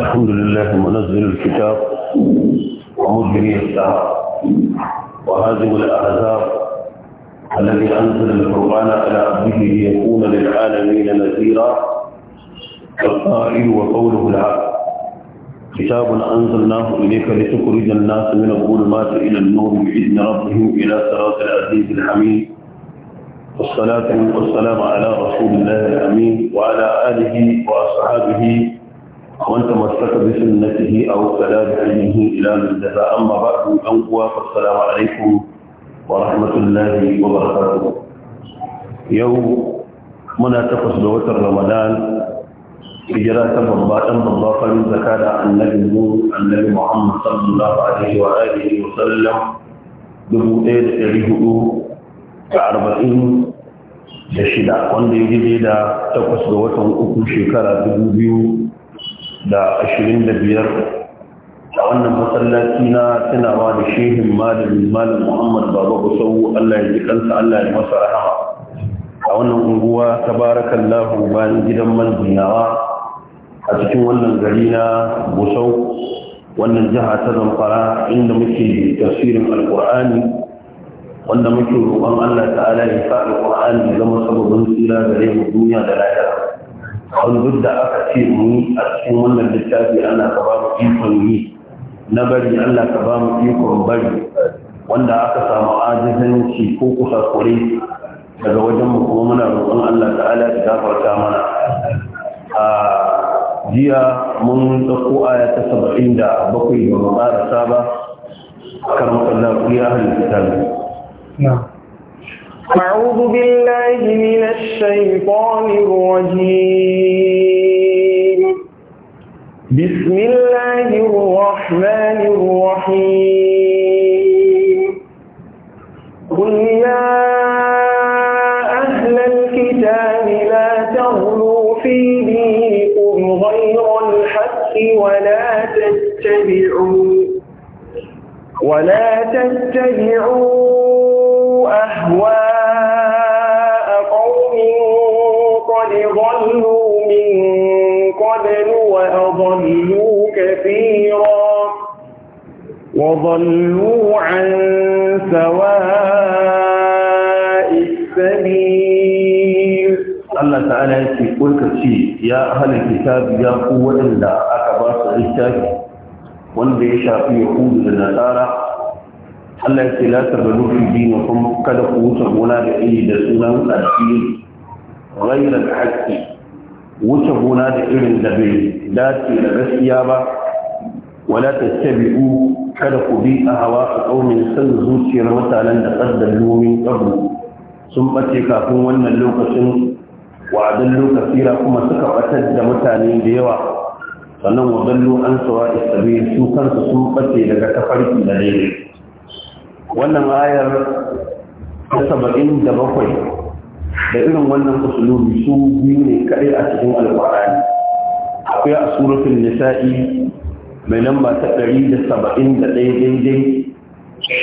الحمد لله منزل الكتاب ومجري السحاب وهازم الاحزاب الذي انزل القران على عبده ليكون للعالمين نذيرا القائل وقوله العبد كتاب أنزلناه إليك لتخرج الناس من الظلمات إلى النور بإذن ربهم إلى صراط العزيز الحميد والصلاة والسلام على رسول الله الأمين وعلى آله وأصحابه ومن تمسك بسنته أو كلام علمه إلى من دفع أما بعد أنقوى فالسلام عليكم ورحمة الله وبركاته يوم منا تقصد بوتر رمضان hijira ta babba ɗan babba farin zaka da annabi mu annabi muhammad sallallahu alaihi wa alihi wa sallam dubu ɗaya da ɗari hudu da arba'in da shida wanda ya gide da takwas ga watan uku shekara dubu biyu da ashirin da biyar a wannan masallaci na tunawa da shehin malamin malam muhammad baba gusau allah ya ji kansa allah ya masa rahama a wannan unguwa tabarakallahu bayan gidan manzinawa a cikin wannan gari na busau wannan jiha ta zamfara inda muke tafsirin alkur'ani wanda muke roƙon allah ta'ala ya sa alkur'ani zama sababin tsira gare mu duniya da lahira wani duk da aka ce mu a cikin wannan littafi ana ka ba mu ikon yi na bari allah ka ba mu ikon bari wanda aka samu ajizanci ko kusa kure daga wajen mu kuma muna roƙon allah ta'ala ya gafarta mana a ah, jiya mun ɗauko aya ta saba'in da bakwai ba mu ba kan makalla ya halitta أعوذ بالله من الشيطان الرجيم بسم الله الرحمن الرحيم قل يا تتبعوا ولا تتبعوا أهواء قوم قد ضلوا من قبل وأضلوا كثيرا وضلوا عن سواء السبيل الله تعالى يقول كثير يا أهل الكتاب يا قوة إلا أكبر الكتاب wanda ya shafi yahudu da nasara Allah ya ce la tabadu fi kuma kada ku wuce gona da iri da sunan addini ghayra al-haqqi wuce gona da irin da bai dace da gaskiya ba wala tattabi'u kada ku bi a hawa a qaumin san zuciyar mutanen da qaddallu min qabl sun bace kafin wannan lokacin wa'adan lokaci kuma suka batar da mutane da yawa sannan wa dallu an sawa istabi su kansu sun bace daga tafarki da daidai wannan ayar ta saba'in da bakwai da irin wannan usulubi su biyu ne kaɗai a cikin alƙur'ani akwai a suratul nisa'i mai lamba ta ɗari da saba'in da ɗaya daidai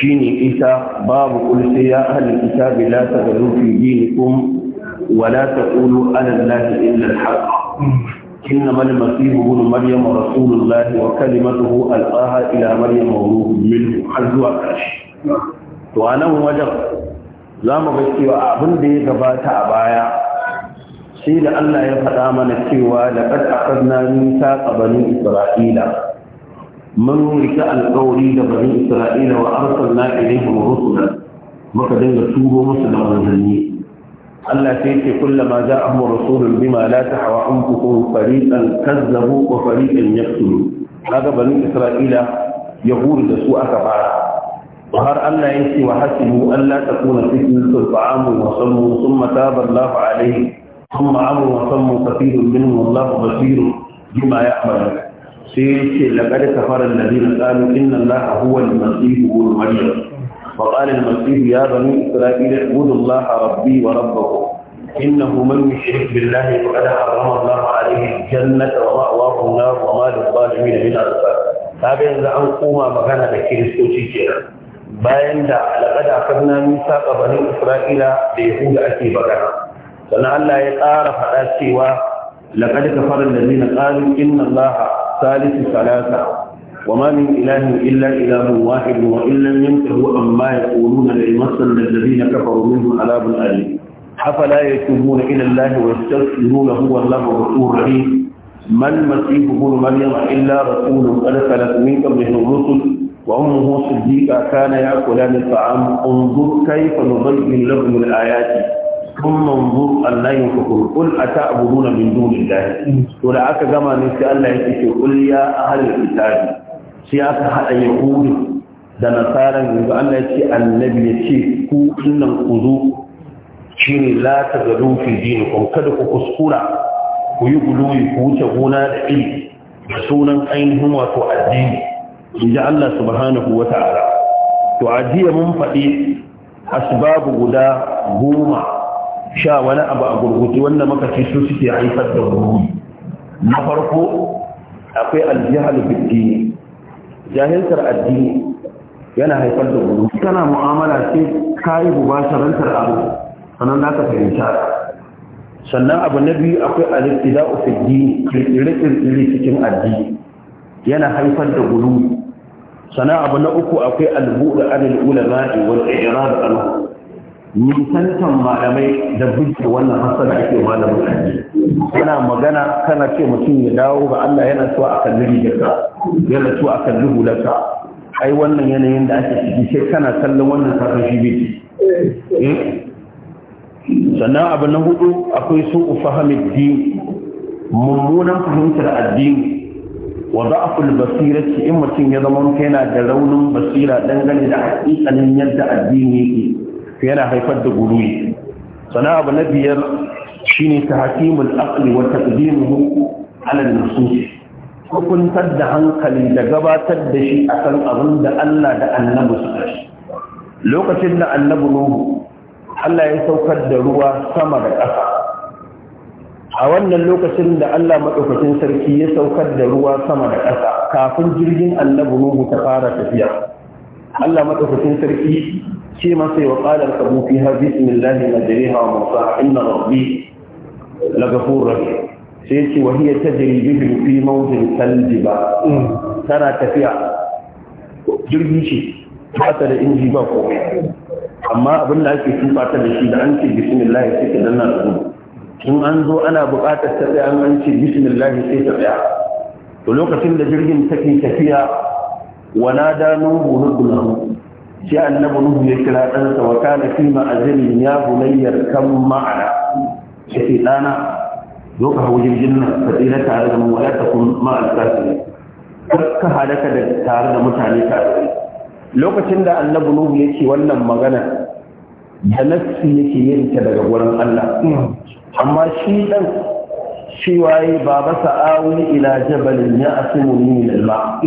ne ita babu kulse ya ahalin kitabi la ta ga rufi dinikum wa la ta ƙulu ala illa al إنما المسيح ابن مريم رسول الله وكلمته ألقاها إلى مريم وروح منه حزوا كرش وأنا وجب زام بسي وأبن دي قبات أبايا سيد الله يفدى من السوى لقد أخذنا ميثاق بني إسرائيل من لك القولي لبني إسرائيل وأرسلنا إليهم رسلا مكدن تشوفوا مسلم من Allah sai ce kullama za a mu rasulun bima la ta hawa an kuku fariƙan kazzabu wa fariƙan yaktulu kaga bani isra'ila yahudu da su aka fara har Allah ya ce wa hasibu an la takuna fitnatun fa'amu wa sammu thumma taba Allahu alayhi thumma amu wa sammu kathirun minhum wallahu basirun bima ya'malun sai ya ce fara kafara alladhina qalu inna Allaha huwa al-masih ibn maryam وقال المسيح يا بني إسرائيل اعبدوا الله ربي وربكم إنه من يشرك بالله فقد حرم الله عليه الجنة ومأواه النار وما للظالمين من أنصار هذا إذا أن قوم مكان الكريستوسي كنا bayan da laƙad akarna nisa ga banin isra'ila da yahuda ake magana sannan allah ya ƙara faɗa cewa laƙad kafarar da zina ƙarin inna allaha salisu salasa وما من إله إلا إله واحد وإن لم ينتهوا أما يقولون ليمسن الذين كفروا منهم عذاب أليم أفلا يتوبون إلى الله ويستغفرونه والله غفور رحيم ما المسيح ابن مريم إلا رسول قد خلت من قبله الرسل وأمه صديقة كان يأكلان الطعام انظر كيف نبين لكم الآيات ثم انظر أن لا ينفقون قل أتعبدون من دون الله ولعك كما نسأل الله قل يا أهل الكتاب sai aka haɗa yahudu da nasaran yanzu Allah ya ce annabi ya ce ku innan ku zo shi ne la ta gado fi dinikum kada ku kuskura ku yi guluwi ku wuce gona da iri da sunan ainihin wato addini in ji Allah subhanahu wa ta'ala to ajiya mun faɗi asbabu guda goma sha wani abu a gurguti wanda ci su suke haifar da gurgu na farko akwai aljihar fiddini jahiltar addini yana haifar da gudu kana mu'amala sai ka yi mubasharantar abu sannan za ka fahimta sannan abu na biyu akwai aliftida ofiddi kirkire-kirkire cikin addini yana haifar da gudu sannan abu na uku akwai albuɗa anil ulama wal ijrar anhu nisantan malamai da bincike wannan hasara ake malamin aji yana magana kana ce mutum ya dawo ga Allah yana so a kalli yana so a kalli hularka ai wannan yanayin da ake ciki sai kana kallon wannan kafin shi biyu. Eh? sannan abu na hudu akwai su ufahamid din mummunan fahimtar addini wa da'aful basirati in mutum ya zama yana da raunin basira dangane da hakikanin yadda addini yake yana haifar da guluyi sana abu na biyar shi shine tahkimul aqli wa taqdimuhu ala an-nusus hukuntar da hankali da gabatar da shi akan abin da Allah da Annabu suka shi lokacin da Annabu Nuhu Allah ya saukar da ruwa sama da ƙasa a wannan lokacin da Allah maɗaukacin sarki ya saukar da ruwa sama da ƙasa kafin jirgin Annabu Nuhu ta fara tafiya Allah maɗaukacin sarki ma sai wa qala al-qabu fiha bismillah majriha wa mursaha inna rabbi la ghafur rahim sai ce wa hiya tajri bihim fi mawjin thaljiba mm. tana tafiya jirgi ce ba ta da inji ba komai amma abin da ake tuba ta da shi da an ce bismillah sai ta danna su. in an zo ana buƙatar ta tsaya an ce bismillah sai ta tsaya to lokacin da jirgin take tafiya wana da nuhu rubbulahu Shi annabi nuhu ya kira ɗansa wa kana fi ma'azilin ya bulayyar kan ma'ana ya ce ɗana zo ka hau jirgin nan ka tsira tare da mu wala ta kun ma'al kafiri ka halaka da tare da mutane kafiri lokacin da annabi nuhu ya ce wannan magana da nafsi yake yin ta daga wurin Allah amma shi dan shi waye baba sa'awi ila jabalin ya asimu min al-ma'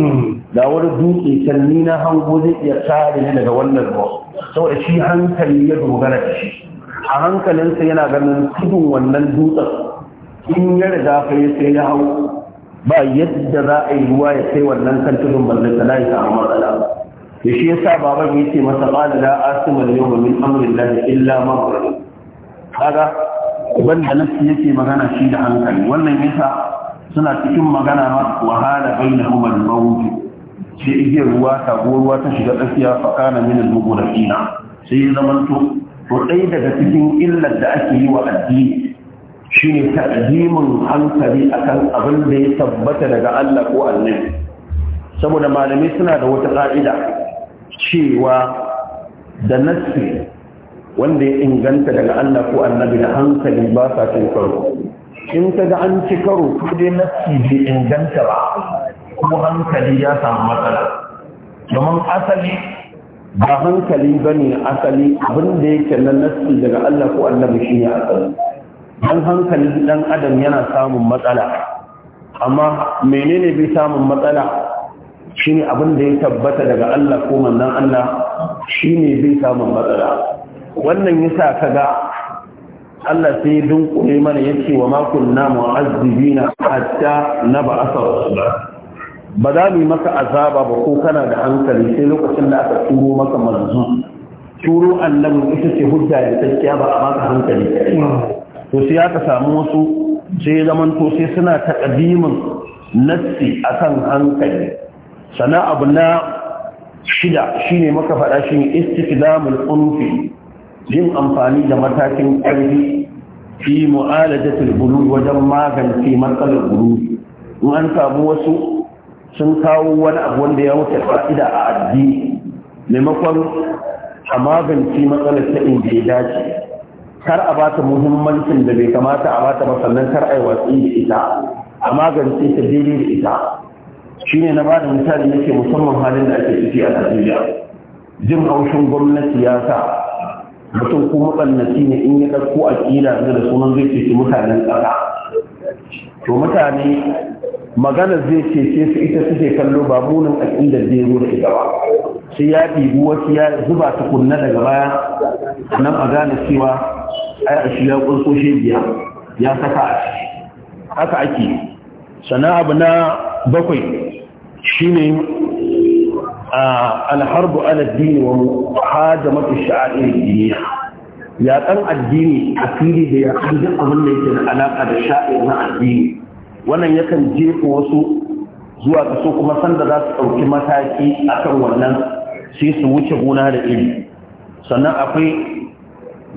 da wani dutse can ni na hango zai iya kare ne daga wannan ruwa saboda shi hankali ya dogara da shi a hankalinsa yana ganin tudun wannan dutsen in ya riga kai sai ya hau ba yadda za a yi ruwa ya kai wannan kan tudun ballanta la ya samu matsala da shi yasa baban ya ce masa qala la asima al yawma min amri allah illa ma kaga wanda nafsi yake magana shi da hankali wannan yasa suna cikin magana wahala na umar mawjud sai igiyar ruwa taguwar ruwa ta shiga tsakiya fakana min al-mughraqina sai ya zamanto to daga cikin illar da ake yi wa addini shine taqdimun hankali akan abin da ya tabbata daga Allah ko Annabi saboda malamai suna da wata ka'ida cewa da nassi wanda ya inganta daga Allah ko Annabi da hankali ba sa cin karo in ka ga an ci karo ko dai nassi bai inganta ba ko hankali ya samu matsala domin asali ba hankali ba ne asali abin da yake na nassi daga Allah ko Allah shi ne asali dan hankali dan adam yana samun matsala amma menene bai samun matsala shine abin da ya tabbata daga Allah ko manzon Allah shine bai samun matsala wannan yasa kaga Allah sai dunkule mana yace wa ma kunna mu'azzibina hatta nab'atha rasula ba za mu yi maka azaba ba ko kana da hankali sai lokacin da aka turo maka manzo turo annabi ita ce hujja da gaskiya ba a maka hankali to sai aka samu wasu sai zaman to sai suna taqdimin nassi akan hankali sana abu na shida shine maka faɗa shi istiqdamul unfi yin amfani da matakin ƙarfi fi mu'alajatul bulu wajen magance matsalar bulu. in an samu wasu sun kawo wani abu wanda ya wuce fa'ida a addini maimakon a magance matsalar ta inda ya dace kar a bata muhimmancin da bai kamata a bata ba sannan kar a yi watsi da ita a magance ta daidai da ita shine na bada misali yake musamman halin da ake ciki a Najeriya jin haushin gwamnati ya sa mutum ko matsalaci ne in ya ɗauko a kila da sunan zai ceci mutanen ƙasa to mutane magana zai ce su ita suke kallo ba munin aƙidar zai ya zo da ita ba sai ya ɗibi wasu ya zuba tukunna daga baya nan a gane cewa ai a shiga ya ƙunso biya ya saka a ciki haka ake sana abu na bakwai shine alharbu wa dini wa mafi sha'a'in duniya. ya ɗan addini a fili da ya ɗan duk abin da yake da alaƙa da sha'a'in na addini wannan yakan jefa wasu zuwa ga so kuma sanda za su ɗauki mataki akan wannan sai su wuce gona da iri sannan akwai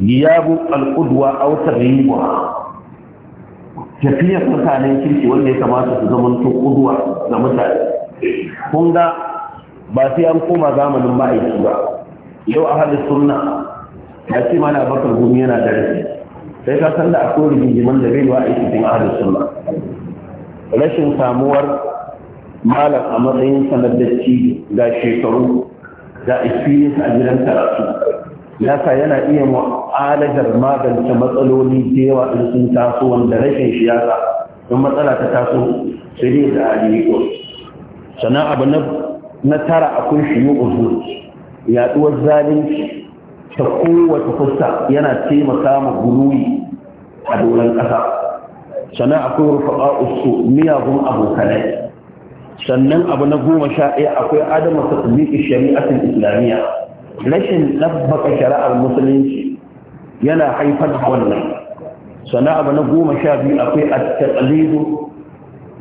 yabu al'udwa yi ribuwa tafiyar mutanen kirki wanda ya kamata su zama to kuduwa ga mutane kun ga ba sai an koma zamanin ma'aiki ba yau a halin sunna ya ce mana bakar gumi yana da rashi sai ka san da akwai rigingimin da bai wa aiki cikin ahalin sunna rashin samuwar malam a matsayin sanar da ga shekaru da experience a gidan karatu ya sa yana iya mu'alajar magance matsaloli da yawa in sun taso wanda rashin shi ya sa don matsala ta taso sai dai da aliko sannan abu na tara akwai shiyu uzu yaduwar zalunci ta kowace fuska yana taimaka ma guruyi a doron ƙasa sannan akwai rufa'a usu miyagun abokanai sannan abu na goma sha ɗaya akwai adama tasbiqi shari'atul islamiyya rashin dabbaka shari'ar musulunci yana haifar da wannan sannan abu na goma sha biyu akwai at-taqlidu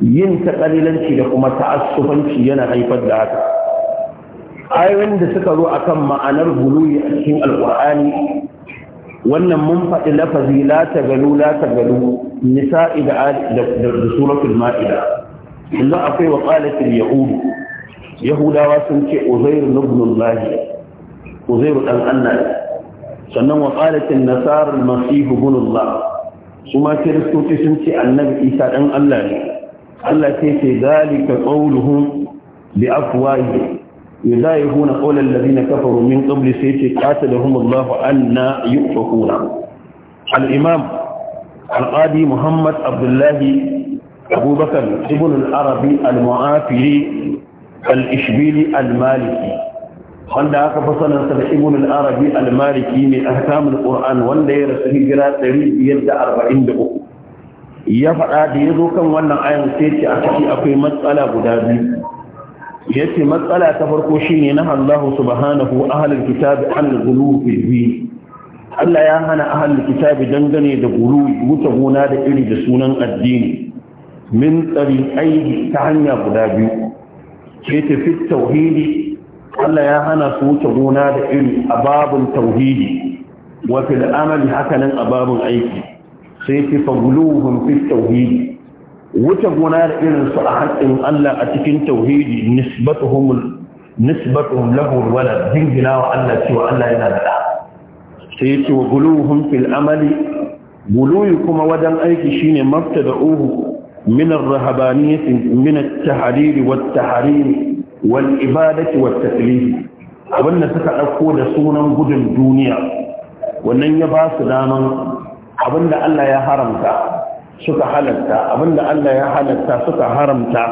yin taƙalilanci da kuma ta'assufanci yana haifar da haka ayoyin da suka zo akan ma'anar guluyi a cikin alƙur'ani wannan mun faɗi lafazi la ta galu la ta galu nisa'i da suratul ma'ida yanzu akwai wa qalatil yahud yahudawa sun ce uzair ibn allah uzair dan allah sannan wa qalatil nasara al masih ibn allah su ma kiristoci sun ce annabi isa dan allah ne allah sai ce zalika qawluhum bi afwahihim يضايقون قول الذين كفروا من قبل سيتي قاتلهم الله أن يؤفكون الإمام القاضي محمد عبد الله أبو بكر ابن العربي المعافري الإشبيلي المالكي wanda aka fi sanarsa da ibn al-arabi al-maliki ne a hakamun qur'an wanda ya rasu hijira 543 ya faɗa da ya zo kan wannan ayan sai ce a ciki akwai matsala guda biyu yace matsala ta farko shine na Allah subhanahu ahlul kitabi an gulufi bi Allah ya hana ahlul kitabi dangane da gulu wuta gona da iri da sunan addini min tsari aiki ta hanya guda biyu ce fi tauhidi Allah ya hana su wuta gona da iri a babun tauhidi wa fil amali hakanan a babun aiki sai tafi guluhun fi tauhidi wuce gona da irin su a haƙƙin Allah a cikin tauhidi nisbatuhum nisbatuhum lahu wala dingina wa Allah cewa Allah yana da sai yace wa guluhum fil amali guluyi kuma wajen aiki shine mabtada'uhu min ar-rahabaniyah min at-tahrir wa at-tahrim wal ibadati wa at-taklif abinda suka dauko da sunan gudun duniya wannan ya ba su daman abinda Allah ya haramta suka halatta abinda Allah ya halatta suka haramta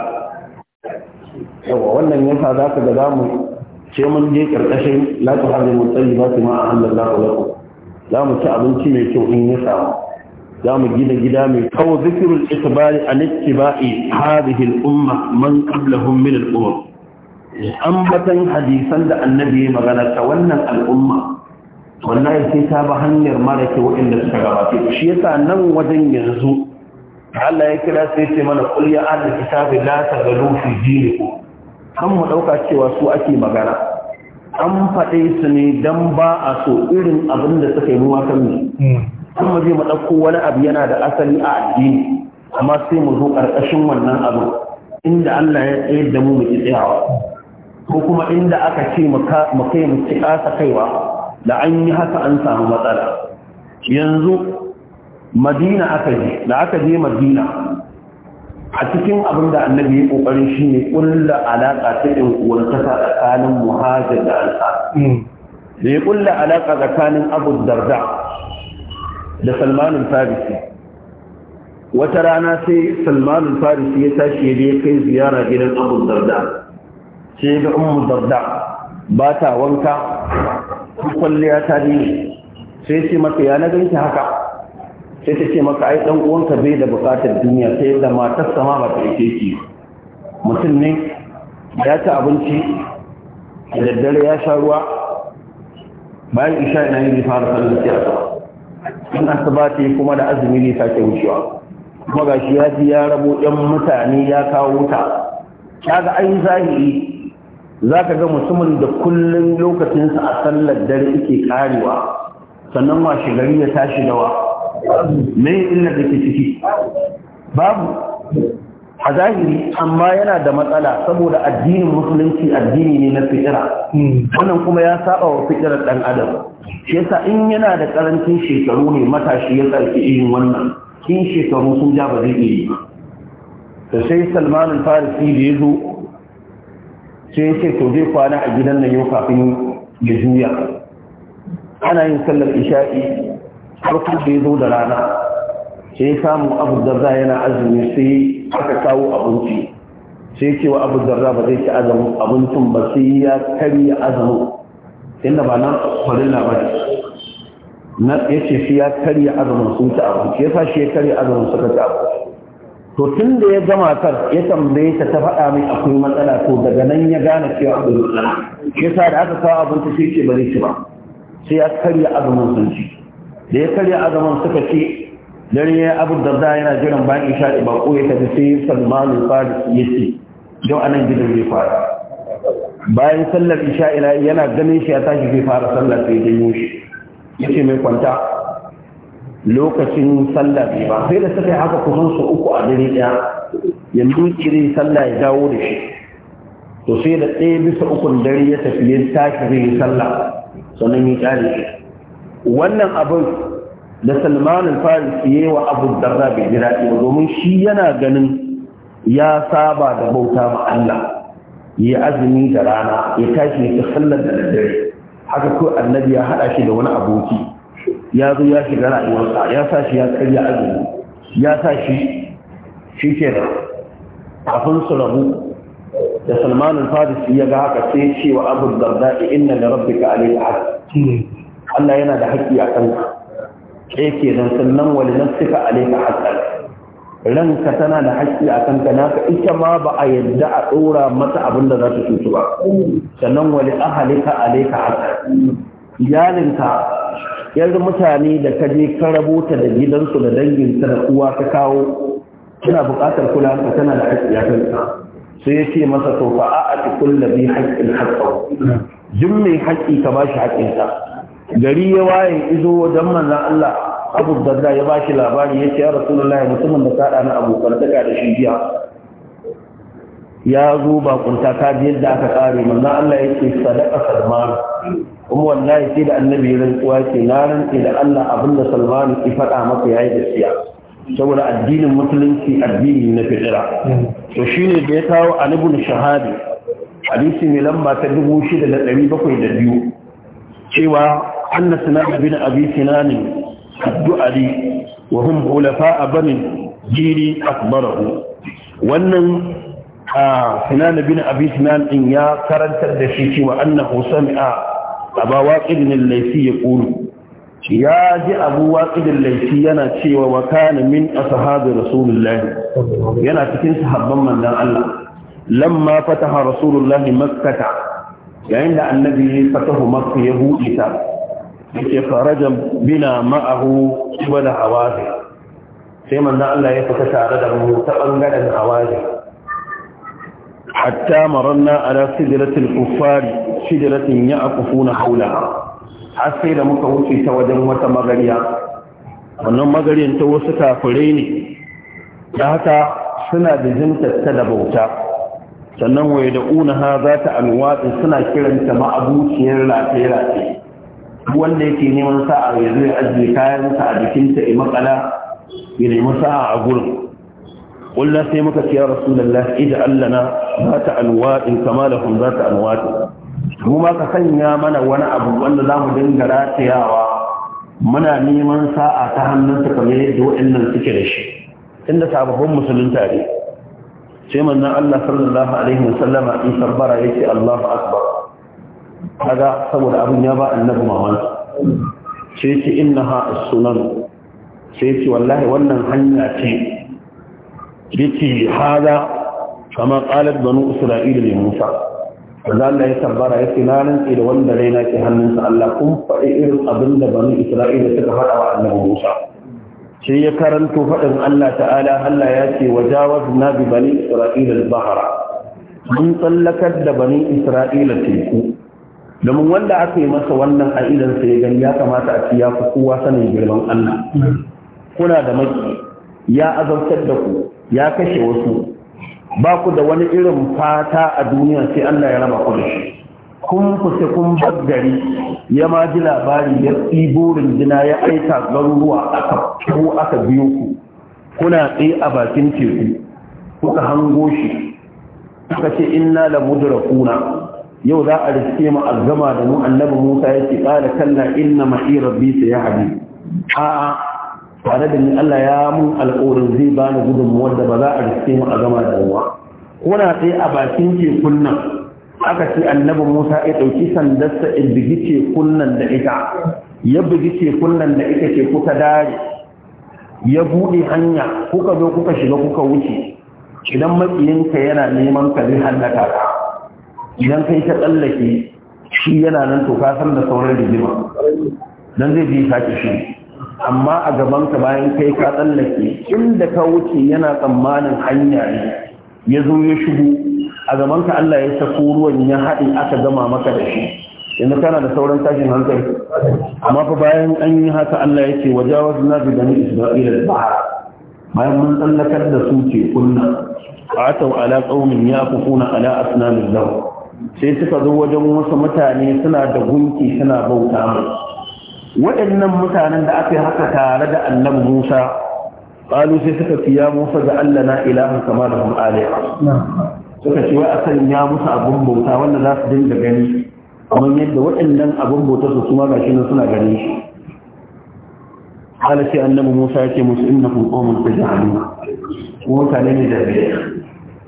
yawa wannan yasa za ka ga zamu ce mun je karkashin la tsari, harimu tayyibati ma ahallallahu lakum za mu ci abinci mai kyau in yasa, za mu gina gida mai kawo zikirul a an ittiba'i hadhihi al-umma man qablahum min al An ambatan hadisan da annabi ya magana ta wannan al'umma wallahi sai ta ba hanyar mara kyau inda suka gabata. shi yasa nan wajen yanzu Allah ya kira sai ce mana kul ya ahlul kitabi la tagalu fi dinikum kan mu dauka cewa su ake magana an faɗe su ne dan ba a so irin abin da suka yi muwa kan hmm. kan mu je mu dauko wani abu yana da asali a addini amma sai mu zo karkashin wannan abu inda Allah ya tsayar da mu mu ki tsayawa ko kuma inda aka ce mu kai mu ci kasa kaiwa da an yi haka an samu matsala yanzu madina aka je da aka je madina a cikin abin da annabi ya kokari shi ne kulla alaƙa ta ɗin uwarta tsakanin muhajir da ansa hmm. da ya kulla alaka tsakanin abu darda da salmanin farisi wata rana sai salmanin farisi ya tashi ya je kai ziyara gidan abu darda sai ga ummu darda ba ta wanka kwalliya ta ne sai ce mata ya na ganki haka sai ta ce maka ai dan uwanka bai da bukatar duniya sai da matar sama ba ta yake ki mutum ne ya ci abinci da daddare ya sha ruwa bayan isha ina yi fara sallar siyasa in asuba kuma da azumi ne sake wucewa kuma gashi ya ji ya rabo yan mutane ya kawo wuta kaga ai zahiri za ka ga mutumin da kullum lokacinsa a sallar dare yake karewa sannan washe gari ya tashi dawa mai inna da ke ciki babu a zahiri amma yana da matsala saboda addinin musulunci addini ne na fitira wannan kuma ya saba wa fitirar dan adam shi yasa in yana da karancin shekaru ne matashi ya tsarki irin wannan in shekaru sun ja ba zai iya yi sai salman al-farisi da ya zo sai ya ce to zai kwana a gidan nan yau kafin ya juya ana yin sallar isha'i farkon da ya zo da rana sai samu abu za yana azumi sai aka kawo abinci sai ce wa abu za ba zai ci azumin abincin ba sai ya karya azumin inda ba nan kwarilla ba ne ya ce shi ya karya azumin sun ci abinci ya sa shi ya karya azumin suka ci abinci to tun da ya gama kar ya tambaye ta ta faɗa mai akwai matsala to daga nan ya gane cewa abu matsala shi yasa da aka kawo abinci sai ce zai ci ba sai ya karya azumin sun ci da ya karya azaman suka ce dare ya abu darda yana jiran bayan isha da bako ya tafi sai salman su yi ce yau anan gidan zai fara bayan sallar isha ila yana ganin shi ya tashi zai fara sallar sai janyo shi ya ce mai kwanta lokacin sallar bai ba sai da suka yi haka kusan su uku a dare ɗaya yanzu kiri sallar ya dawo da shi to sai da ɗaya bisa ukun dare ya tafi ya tashi zai yi sannan ya ƙare shi wannan abin da salmanin al yi wa abu darda bai ba domin shi yana ganin ya saba da bauta ma Allah ya azumi da rana ya tashi ya sallar da daddare haka ko annabi ya haɗa shi da wani aboki ya zo ya shiga rayuwarsa ya sa shi ya karya azumi ya sa shi shi ke kafin su rabu da salmanin al ya ga haka sai cewa abu darda inna da rabbika alayhi Allah yana da haƙƙi a kanka ke kenan sannan wali nafsika alayka haqqan ranka tana da haƙƙi a kanka naka ita ma ba a yadda a ɗora mata abin da za ta cutu ba sannan wali ahalika alayka haqqan iyalinka yanzu mutane da ka je ka rabota da gidansu da danginsa da uwa ka kawo tana buƙatar kula ka tana da haƙƙi a kanka sai ya ce masa to fa a ati kullu bi haqqin haqqan jin mai haƙƙi ka bashi haƙƙinsa gari ya waye izo dan manzon Allah Abu Darda ya bashi labari ya yace ya Rasulullahi mutumin da ka da na abu, daga da shi jiya ya zo ba kunta ka ji yadda aka kare manzon Allah ce sadaqa Salman kuma wallahi sai da annabi ya rantsuwa ce na rantsi da Allah abinda Salman ya faɗa maka yayi gaskiya saboda addinin musulunci addini na fitira to shine da ya kawo alibul shahadi hadisi mai lamba ta biyu. cewa أن سنان بن أبي سنان الدؤلي وهم خلفاء بني جيري أكبره وأن سنان بن أبي سنان إن يا كرنت الدشيش وأنه سمع أبا واقد الليثي يقول ya ji abu waƙidin laifi yana cewa wa kana min ashabi rasulullah yana cikin sahabban manzon Allah lamma fataha rasulullah makkah yayin da annabi ya fatahu makkah ya huɗe ta yake faraja bina ma'ahu ibada hawazi sai manzon Allah ya fita tare da mu ta bangaren hawazi hatta maranna ala sidratil kuffari sidratin yaqufuna haula har sai da muka wuce ta wajen wata magariya wannan magariyar ta wasu kafurai ne da haka suna da jintatta da bauta sannan waye da unaha za ta alwatsi suna kiranta ma'abuciyar lafe-lafe wanda yake neman sa'a ya zo ya ajiye kayansa a jikinta ya makala ya nemi sa'a a gurin ƙulla sai muka ce ya rasulallah Allah na, za ta alwaɗin kama da kun za ta alwaɗin mu ma ka sanya mana wani abu wanda za mu dinga ratayawa muna neman sa'a ta hannunsa kamar yadda waɗannan suke da shi inda sababbin musulunta ne sai manzon Allah sallallahu alaihi wasallama in sabbara yace Allahu akbar kaga saboda abin ya ba annabi mamaki sai ce innaha as-sunan sai ce wallahi wannan hanya ce yace hada kamar qalat banu isra'ila li musa kaza Allah ya tabbara yace na rantsi da wanda raina ke hannunsa Allah kun faɗi irin abin da banu isra'ila suka faɗa wa annabi musa sai ya karanto faɗin Allah ta'ala Allah ya ce wajawazna bi bani isra'ila al-bahra mun tsallakar da bani isra'ila teku domin wanda aka yi masa wannan a idan sai ya gani ya kamata a ci ya kowa sanin girman Allah kuna da maki ya azabtar da ku ya kashe wasu ba ku da wani irin fata a duniya sai Allah ya raba ku da shi kun fita kun gari ya ma ji labari ya tsibo jina ya aika garuruwa aka ko aka biyo ku kuna tsaye a bakin teku kuka hango shi kace ce inna la mudrakuna yau za a riske mu azgama da mu annabi Musa yake kala kalla inna ma'i rabbi sayahdi a tare da ni Allah ya mun alƙawarin zai bani gudunmuwar da ba za a riske mu azgama da ruwa kuna sai a bakin tekun nan aka ce annabi Musa ya dauki sandarsa in bigi tekun da ita ya bugi tekun da ita ce kuka dare ya buɗe hanya kuka zo kuka shiga kuka wuce idan matsiyinka yana neman ka zai hallaka ka idan kai ta tsallake shi yana nan to ka da sauran rigima dan zai je sake shi amma a gaban ka bayan kai ka tsallake inda ka wuce yana tsammanin hanya ne ya zo ya shigo a gaban ka Allah ya sako ruwan ya haɗe aka gama maka da shi yanzu kana da sauran tashin hankali amma fa bayan an yi haka Allah ya ce wasu na bi bani isra'ila da bahar bayan mun tsallakar da su ke kunna atau ala qaumin yaqufuna ala asnamin lau. sai suka zo wajen wasu mutane suna da gunki suna bauta mu waɗannan mutanen da aka yi haka tare da annabi Musa qalu sai suka ce ya Musa da Allah na ilahan kama da hum suka ce wa asan ya musu abun bauta wanda za su dinga gani amma yadda waɗannan abun bauta su kuma shi nan suna gani shi sai annabi Musa ya ce musu innakum qawmun tajhalun mutane ne da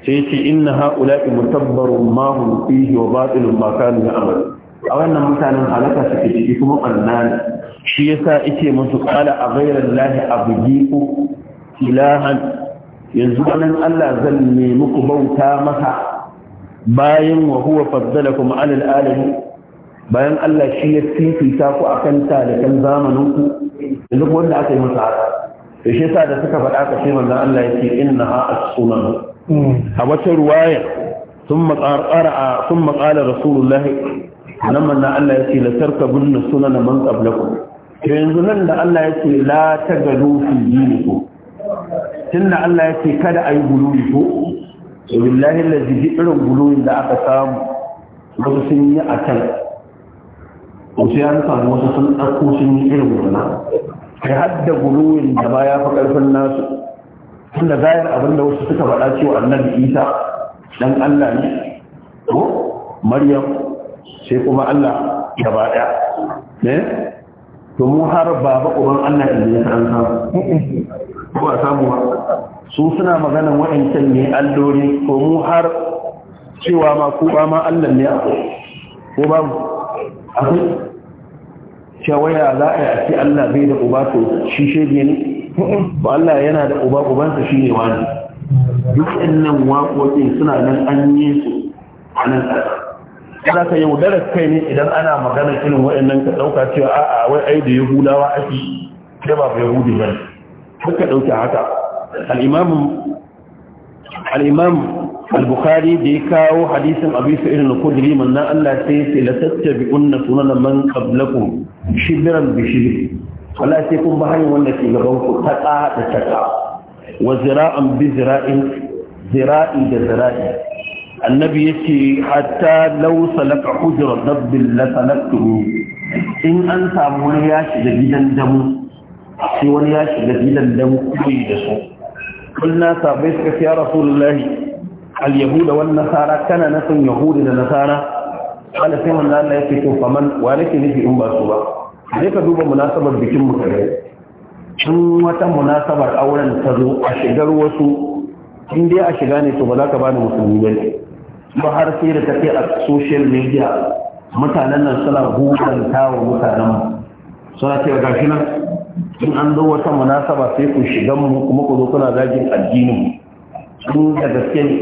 sai ce inna ha'ula'i mutabbarun ma hum fihi wa batilun ma kanu ya'malu a wannan mutanen halaka suke ciki kuma annani shi yasa yake musu qala a gairar lahi a llahi abghiku ilahan yanzu wannan Allah zan nemi ku bauta masa bayan wa huwa faddalakum kuma alal alamin bayan Allah shi ya fifita ku a kan akan zamanin ku. yanzu wanda aka yi masa haka to shi yasa da suka faɗa ka sai manzon Allah yake inna ha a sunan a wata ruwaya sun maƙara sun maƙala rasulullah nan manna Allah ya ce la tarkabun na sunan man qablakum to yanzu nan da Allah ya ce la tagalu fi tun da Allah ya ce kada ayi guluwi ko billahi allazi bi irin guluwin da aka samu wasu sun yi a can wasu ya samu wasu sun ɗauko sun yi irin na, kai hadda guluwin da ba ya fi ƙarfin nasu tunda zayar abin da wasu suka faɗa cewa annabi isa dan allah ne ko maryam sai kuma allah gaba ɗaya ne to mu har baba uban allah inda ya san samu ko ba samu ba su suna maganan waɗancan ne allori ko mu har cewa ma ko ba ma allah ne akwai ko ba mu akwai cewa ya za a yi a ce allah bai da uba to shi shege ne ba Allah yana da uba ubansa ne wani duk nan waƙoƙin suna nan an yi su a nan ƙasa za ka yaudarar kai ne idan ana magana irin waɗannan ka ɗauka cewa a'a wai ai da yahudawa ake da ba fa yahudi ba har ka ɗauki haka al-imam al bukhari da ya kawo hadisin abi sa'id al kudiri manzon Allah sai sai la tattabi'unna sunan man qablakum shibran bi wala sai kun ba hanyar wanda ke gaban ku taƙa da taƙa wa zira'an bi zira'in zira'i da zira'i annabi yace hatta law salaka hujra dabbil la salaktu in an samu wani ya shiga gidan damu sai wani ya shiga gidan damu koyi da su kullna sabai suka fiya ce ya rasulullahi اليهود والنصارى كان نسن يهود النصارى قال سيما الله يفتو فمن ولكن في أمبا سبا sai ka duba munasabar bikin mu kare wata munasabar auren ta zo a shigar wasu in dai a shiga ne to ba za ka bani musulmi ba ne ba har sai da take a social media mutanen nan suna hukanta tawo mutanen suna ce ga shi nan in an zo wata munasaba sai ku shiga mu kuma ku zo kuna zagin addinin mu da gaske ne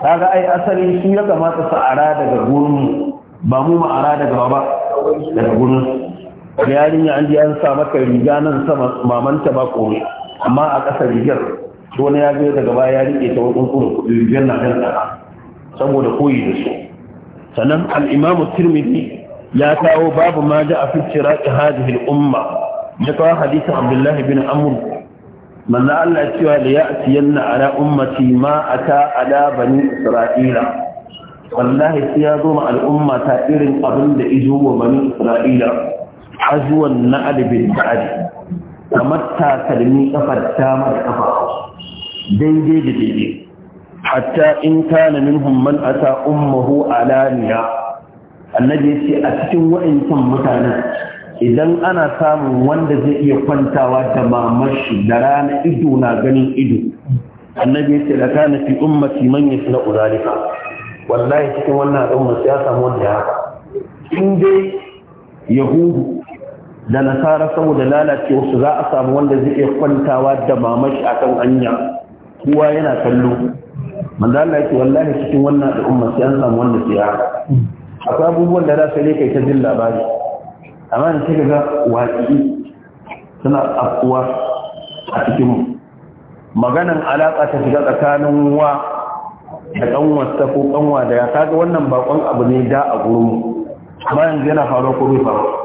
kaga ai asali su ya kamata su ara daga gurin mu ba mu ma ara daga ba daga gurin da yarinya an an sa maka riga nan sama mamanta ba kore amma a ƙasa rigar wani ya zo daga baya ya rike ta wurin kuma rigar na nan saboda koyi da su sannan al-imamu tirmidhi ya kawo babu ma da a fitira ta hadhihi al-umma ya kawo hadisin abdullahi bin amr manzo Allah cewa da ya atiyanna ala ummati ma ata ala bani isra'ila wallahi sai ya zo ma al'umma ta irin abin da izo wa bani isra'ila azuwan na albin ta'adi kamar takalmi kafar dama da kafa daidai da daidai hatta in kana minhum man ata a alaniya annabi yace a cikin wa'ancan mutanen idan ana samun wanda zai iya kwantawa da mamashi da rana ido na ganin ido annabi yace da kana fi ummati man yasna zalika wallahi cikin wannan al'umma sai ya samu wanda ya haka in dai yahudu da nasara saboda lalace wasu za a samu wanda zai iya kwantawa da mamashi a kan hanya kowa yana kallo Allah yake wallahi cikin wannan al'umma sai an samu wanda sai haka akwai abubuwan da za su ne kai ta jin labari amma da sai ga waƙi suna afuwa a cikin maganan alaƙa ta shiga tsakanin wa da ƙanwarsa ko ƙanwa da ya kaga wannan bakon abu ne da a gurin yanzu yana faruwa ko bai faruwa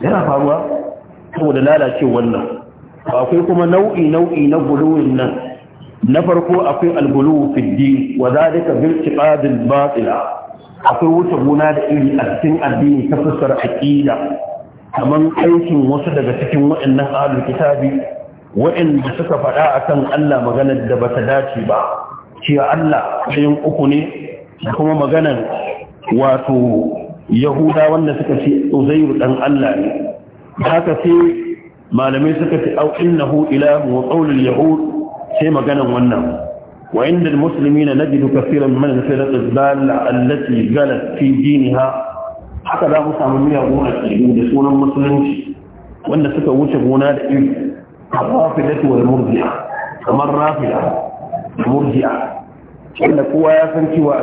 yana faruwa saboda lalace wannan akwai kuma nau'i nau'i na guluwin nan na farko akwai algulu fiddi wa zalika bil tiqadil batila akwai wuce gona da iri a cikin addini ta fuskar aqida kaman aikin wasu daga cikin waɗannan ahlul kitabi waɗanda suka faɗa akan Allah maganar da bata dace ba cewa Allah ɗayan uku ne da kuma maganar wato yahuda wanda suka ce uzairu dan Allah ne haka sai malamai suka ce au innahu ilahu wa qawlul yahud sai maganan wannan wa inda almuslimina najidu kafiran min al dalla allati galat fi dinha haka za mu samu miya gona da sunan musulunci wanda suka wuce gona da iri a rafidatu wal murji'a kamar rafida da murji'a wanda kowa ya san cewa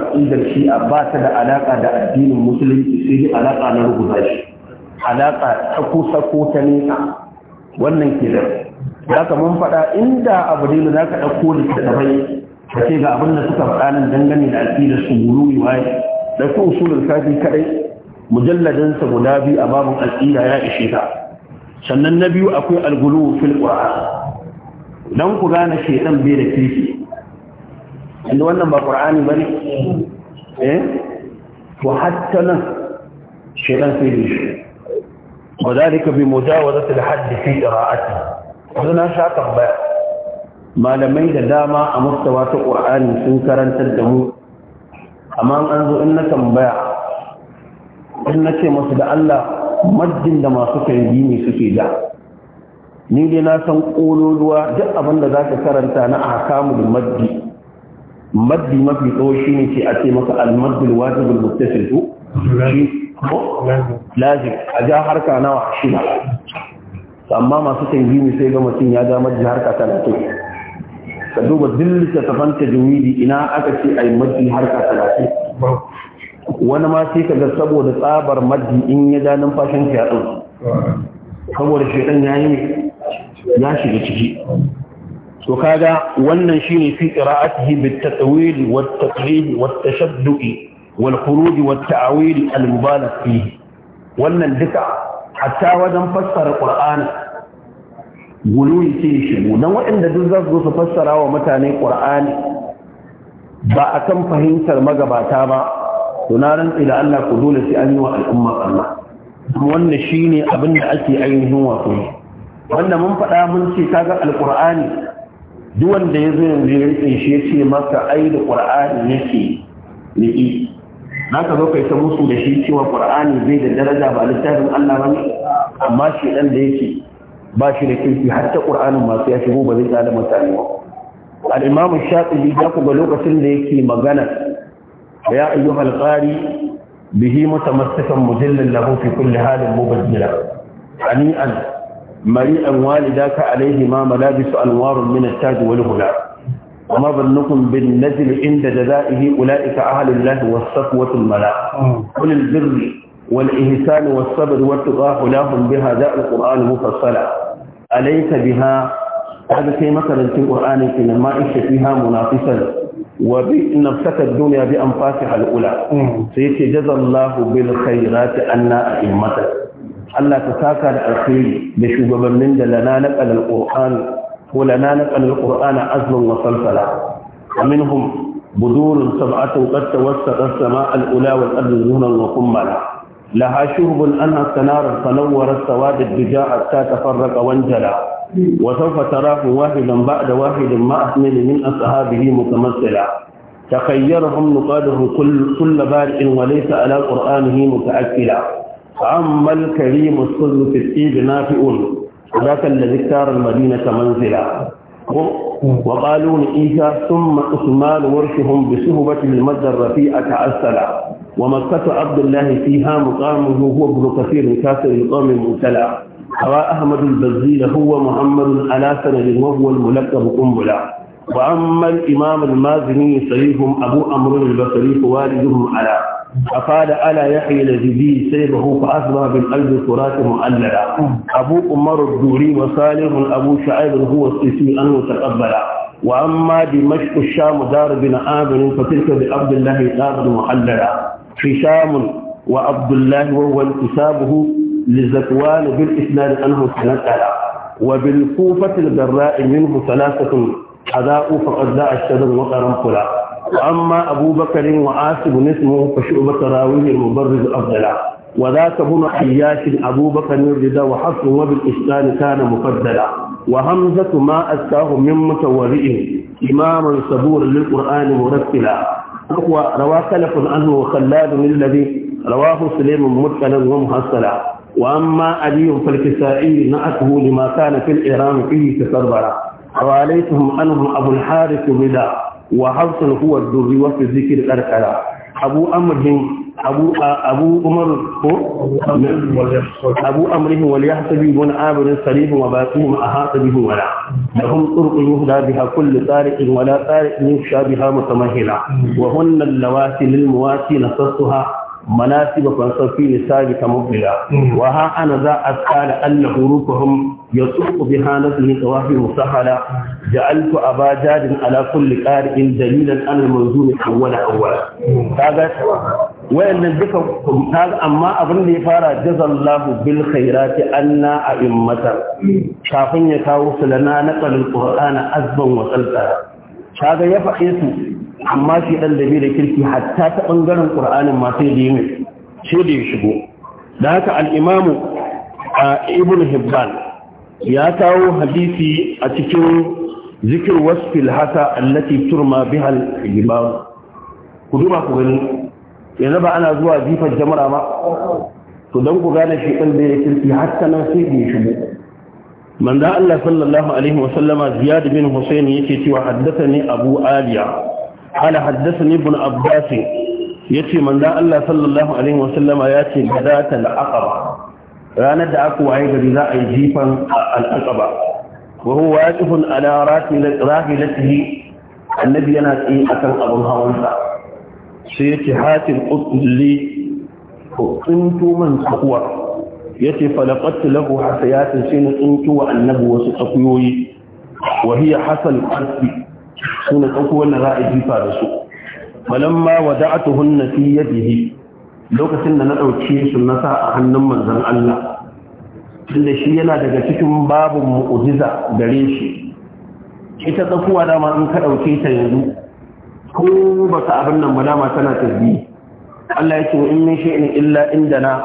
shi a ba ta da alaka da addinin musulunci sai dai alaƙa na rubuta shi Alaƙa ta kusa ko ta nesa wannan ke da Ya mun faɗa inda abu ne za ka ɗauko littattafai ka ce ga abin da suka faɗa nan dangane da aqidar su guru waye da ko usulul kadai mujalladin sa guda biyu a babu aqida ya ishe ta sannan na biyu akwai al-gulu fil qur'an dan ku gane shaidan bai da kifi inda wannan ba ƙura'ani ba ne eh hatta nan shaidan sai ne mota wa zata da haddisi ƙira'ati suna shakar ba malamai da dama a mustawa Ƙur'ani ƙura'ani sun karantar da mu amma an zo in na tambaya in na masu da allah maddin da masu kai ne suke da ni dai na san ƙololuwa duk abin da za ka karanta na a kamun maddi. maddi mafi tsawo shi ne ce a ce maka almaddul wajibul muttasil ko shi ko lazim a ja harka nawa shida amma masu ne sai ga mutum ya ja maddi harka talatin ka duba duk littattafan jumidi ina aka ce ai maddi harka talatin wani ma sai kaga saboda tsabar maddi in ya ga numfashin ka ya saboda shedan ya yi ya shiga ciki to kaga wannan shine fi qira'atihi bit tatwil wat taqlid wat tashaddu'i wal khuruj wat ta'wil al mubalagh fihi wannan duka hatta wajen fassara qur'ani guluyi ce shigo dan waɗanda duk za su fassara wa mutane qur'ani ba a kan fahimtar magabata ba to na da Allah ku dole sai an yi wa al'umma Allah wannan shine abin da ake ainihin wato wanda mun faɗa mun ce kaga alqur'ani duk wanda ya zo yanzu ya rike shi ya ce maka ai da qur'ani yake Na ka zo kai ta musu da shi cewa qur'ani bai da daraja ba littafin Allah bane amma shi dan da yake ba shi da kirki har ta qur'anin masu ya shigo ba zai da mutane ba al-imam shafi'i ya ku ga lokacin da yake magana ya ayyuhal qari bihi mutamassikan mujallal lahu fi kulli halin mubaddila ani'an mari an walida ka alaihi ma malabis alwarun min at-taj wal hula amma bannukum bin nazil inda jazaihi ulaika ahlullah was safwatul mala kulil birri wal ihsan was sabr wat tuqa lahum biha za alquran mufassala alaysa biha hada kai makarantin qur'ani kin ma isha fiha munafisan wa bi nafsaka ad-dunya bi anfasiha al-ula hmm. sayati jazallahu bil khayrati anna immatak الله تتاكى الأخير بشغب من لنا نقل القرآن ولنا نقل القرآن عزل وصلصلا ومنهم بدور سبعة قد توسط السماء الأولى والأرض دون وقملا لها شرب أنها تنار تنور السواد بجاء حتى تفرق وانجلى وسوف تراه واحدا بعد واحد ما أحمل من أصحابه متمثلا تخيرهم نقاده كل بارئ وليس على قرآنه متأكلا فأما الكريم الصدر في الإيد نافئ ذاك الذي اختار المدينة منزلا وقالوا لإيسى ثم أثمان ورشهم بصحبة المد الرفيعة أسلا ومكة عبد الله فيها مقامه هو ابن كثير كافر القوم المبتلى هو أحمد البزيل هو محمد على سند وهو الملقب قنبلا وأما الإمام المازني سيفهم أبو أمر البصري فوالدهم على فقال ألا يحيي الذي به سيبه فأصبح بالقلب تراث مؤلدا أبو عمر الدوري وصالح أبو شعيب هو السيسي أنه تقبلا وأما دمشق الشام دار بن آمن فتلك بعبد الله دار محللا هشام وعبد الله وهو انتسابه لزكوان بالإسلام أنه تنقل وبالكوفة الجراء منه ثلاثة أداء فقد داء الشذر وقرنقلا وأما أبو بكر وعاصم اسمه فشعبة راوي المبرز أفضل وذاك ابن حياش أبو بكر الرضا وحفص وبالإسلام كان مفضلا وهمزة ما أتاه من متورئه إماما صبورا للقرآن مرتلا هو رواه خلف عنه وخلاد الذي رواه سليم مرسلا ومحصلا وأما علي فالكسائي نعته لما كان في الإيران فيه تكربلا وعليتهم أنهم أبو الحارث بدا wa harsun huwa durri wa fi zikir karkara abu amrin abu abu umar ko abu amrin wal yahsabi bun abrin sarih wa baqihim ahata bihi wala lahum turqun yuhda biha kullu tariqin wala tariqin yushabiha mutamahila wa hunna allawati lil muwasi nasasuha manasiba kan safi ne sabi ta mubila wa ha ana za a tsara Allah, hurufuhum ya tsuku bi hanatu ni tawafi musahala ja'altu aba jadin ala kulli qari'in dalilan an al manzumi awwala awwala kaga wayannan duka kumtal amma abin da ya fara jazallahu bil khairati anna a immata kafin ya kawo su lana na qalil qur'ana azban wa qalta kaga ya faɗe su amma shi ɗan da bai da kirki hatta ta ɓangaren ƙur'anin ma sai da yi sai da ya shigo da haka al'imamu a ibn hibban ya kawo hadisi a cikin zikir wasfil hasa allati turma bihal ibam ku duba ku gani yanzu ba ana zuwa jifar jamara ba to don ku gane shi ɗan da ya kirki hatta nan sai da ya shigo من ذا الله صلى الله عليه وسلم زياد بن حسين يكي تيوى حدثني أبو آليا قال حدثني ابن عباس yace manzo Allah sallallahu alaihi wasallam ya ce gadatal aqaba ranar da aka waye gari za a yi jifan al-aqaba wa huwa waqifun ala rahilatihi annabi yana tsaye akan abun hawansa sai yace hatil qutli kuntu man taqwa yace falaqat lahu hasayatun sin kuntu wa annabi wasu taqwiyoyi wa hiya hasal qatli Suna ne ɗauko wannan za a jifa da su falamma wada'atuhunna fi yadihi lokacin da na ɗauke su na sa a hannun manzon Allah tunda shi yana daga cikin babin mu'jiza gare shi ita tsakuwa dama in ka ɗauke ta yanzu ko ba ka abin nan ba dama tana tasbi Allah yake wa in min shay'in illa na,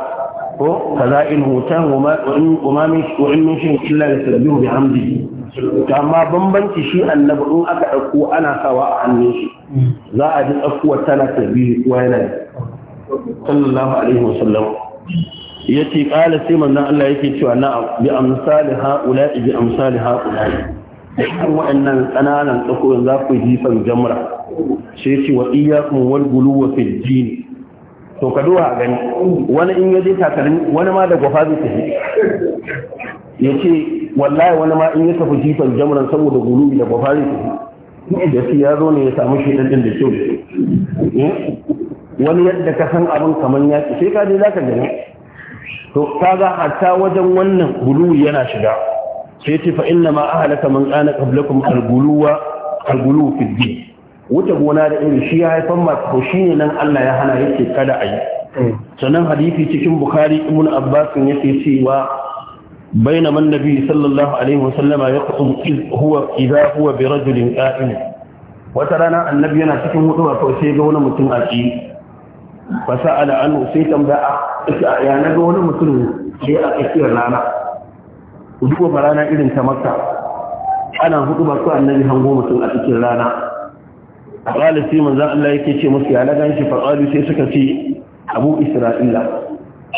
ko in hutan wa in min shay'in illa yasabbihu bihamdihi to amma bambanci shi annabi in aka ɗauko ana sawa a hannun shi za a ji tsakuwar tana tabi kuwa yana yi sallallahu alaihi wasallam ya ce ƙala sai manzan Allah yake cewa na bi amsali haƙula bi amsali Da kan waɗannan ƙananan tsakuwar za ku jifan jamra sai ce wa iyakun wal guluwa fil jini to ka duwa gani wani in ya je takalmi wani ma da gwafa zai tafi ya ce wallahi wani ma in ya tafi jifan jamran saboda gulubi da kwafari da shi ya zo ne ya samu shi ɗin da kyau eh? wani yadda ka san abin kamar ya ce sai ka je zaka gani to kaga hatta wajen wannan guluwi yana shiga sai ce fa inna ma ahlaka man kana qablakum alguluwa guluwa al-gulu fi din wuta gona da irin shi ya haifan ma to shine nan Allah ya hana yake kada ayi eh. sanan hadisi cikin bukhari ibn abbas yake cewa بينما النبي صلى الله عليه وسلم يقطب إذ هو إذا هو برجل قائم وترانا النبي أنا تكون مدوى فأسيب هنا متن أكي فسأل عنه سيتم باء يا نبي هنا متن لي أكثر لنا ودوى برانا إذن تمتع أنا هدو كو النبي هنغو متن أكثير لنا قال سيما ذا الله يكيشي مسكي على جانشي فقالوا سيسكتي أبو إسرائيل